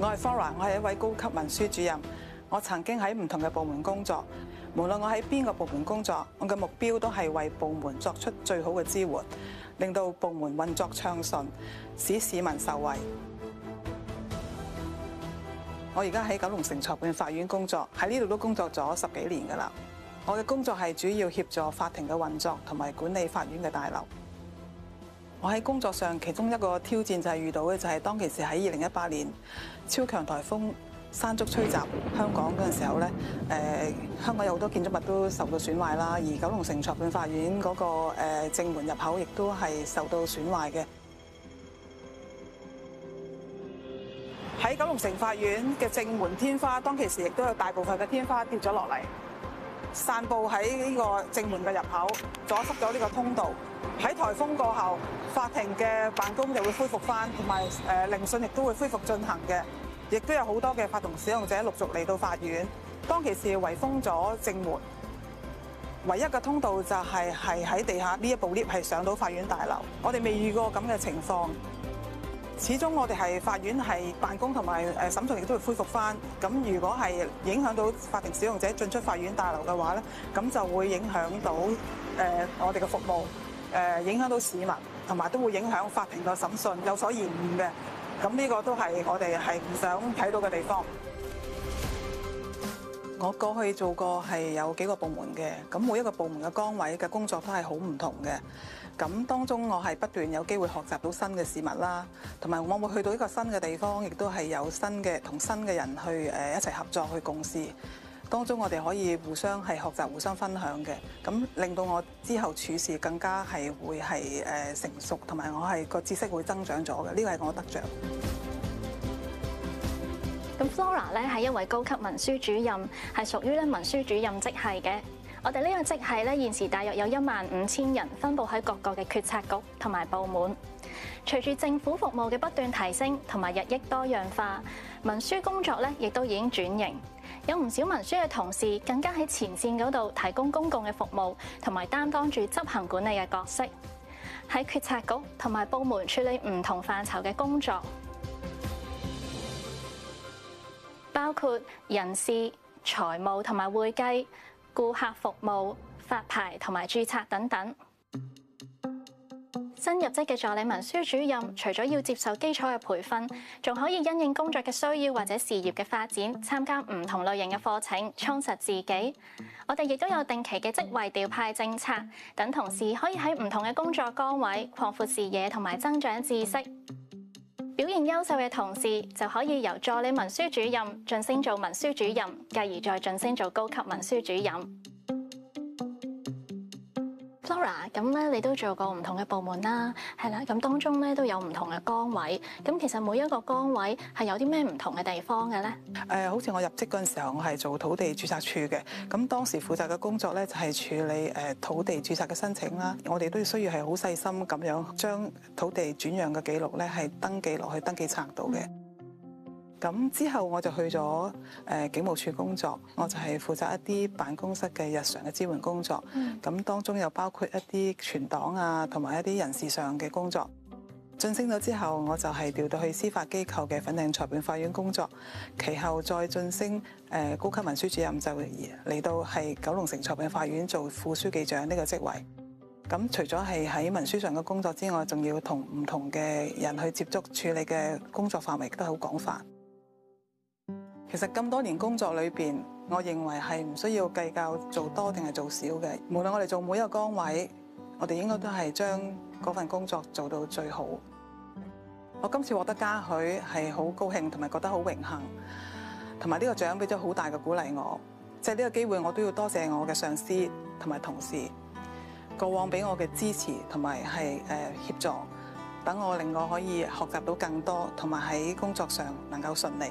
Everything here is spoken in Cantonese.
我係 Fara，我係一位高級文書主任。我曾經喺唔同嘅部門工作，無論我喺邊個部門工作，我嘅目標都係為部門作出最好嘅支援，令到部門運作暢順，使市民受惠。我而家喺九龍城裁判法院工作，喺呢度都工作咗十幾年噶啦。我嘅工作係主要協助法庭嘅運作同埋管理法院嘅大樓。我喺工作上，其中一個挑戰就係遇到嘅就係當其時喺二零一八年超強颱風山竹吹襲香港嗰陣時候咧、呃，香港有好多建築物都受到損壞啦，而九龍城裁判法院嗰、個、呃、正門入口亦都係受到損壞嘅。喺九龍城法院嘅正門天花，當其時亦都有大部分嘅天花跌咗落嚟。散布喺呢個正門嘅入口，阻塞咗呢個通道。喺颱風過後，法庭嘅辦公就會恢復返，同埋誒聆訊亦都會恢復進行嘅。亦都有好多嘅法庭使用者陸續嚟到法院。當其時圍封咗正門，唯一嘅通道就係係喺地下呢一部 lift 係上到法院大樓。我哋未遇過咁嘅情況。始終我哋係法院係辦公同埋誒審訊，亦都會恢復返。咁如果係影響到法庭使用者進出法院大樓嘅話咧，咁就會影響到誒、呃、我哋嘅服務，誒、呃、影響到市民，同埋都會影響法庭嘅審訊有所延誤嘅。咁呢個都係我哋係唔想睇到嘅地方。我過去做過係有幾個部門嘅，咁每一個部門嘅崗位嘅工作都係好唔同嘅。咁當中我係不斷有機會學習到新嘅事物啦，同埋我會去到一個新嘅地方，亦都係有新嘅同新嘅人去誒一齊合作去共事。當中我哋可以互相係學習、互相分享嘅，咁令到我之後處事更加係會係誒成熟，同埋我係個知識會增長咗嘅。呢個係我得着。Flora 咧係一位高級文書主任，係屬於咧文書主任職系嘅。我哋呢個職系咧現時大約有一萬五千人分布喺各個嘅決策局同埋部門。隨住政府服務嘅不斷提升同埋日益多樣化，文書工作咧亦都已經轉型，有唔少文書嘅同事更加喺前線嗰度提供公共嘅服務，同埋擔當住執行管理嘅角色，喺決策局同埋部門處理唔同範疇嘅工作。包括人事、財務同埋會計、顧客服務、發牌同埋註冊等等。新入職嘅助理文書主任，除咗要接受基礎嘅培訓，仲可以因應工作嘅需要或者事業嘅發展，參加唔同類型嘅課程，充實自己。我哋亦都有定期嘅職位調派政策，等同事可以喺唔同嘅工作崗位擴闊視野同埋增長知識。表現優秀嘅同事就可以由助理文書主任晉升做文書主任，繼而再晉升做高級文書主任。Sora，咁咧你都做過唔同嘅部門啦，係啦，咁當中咧都有唔同嘅崗位，咁其實每一個崗位係有啲咩唔同嘅地方嘅咧？誒，好似我入職嗰陣時候，我係做土地註冊處嘅，咁當時負責嘅工作咧就係處理誒土地註冊嘅申請啦，我哋都需要係好細心咁樣將土地轉讓嘅記錄咧係登記落去登記冊度嘅。咁之後我就去咗誒警務處工作，我就係負責一啲辦公室嘅日常嘅支援工作。咁當中又包括一啲存檔啊，同埋一啲人事上嘅工作。晉升咗之後，我就係調到去司法機構嘅粉嶺裁判法院工作，其後再晉升誒高級文書主任，就嚟到係九龍城裁判法院做副書記長呢個職位。咁除咗係喺文書上嘅工作之外，仲要同唔同嘅人去接觸，處理嘅工作範圍都好廣泛。其實咁多年工作裏面，我認為係唔需要計較做多定係做少嘅。無論我哋做每一個崗位，我哋應該都係將嗰份工作做到最好。我今次獲得嘉許係好高興，同埋覺得好榮幸，同埋呢個獎俾咗好大嘅鼓勵我。即係呢個機會，我都要多謝我嘅上司同埋同事，過往俾我嘅支持同埋係誒協助，等我令我可以學習到更多，同埋喺工作上能夠順利。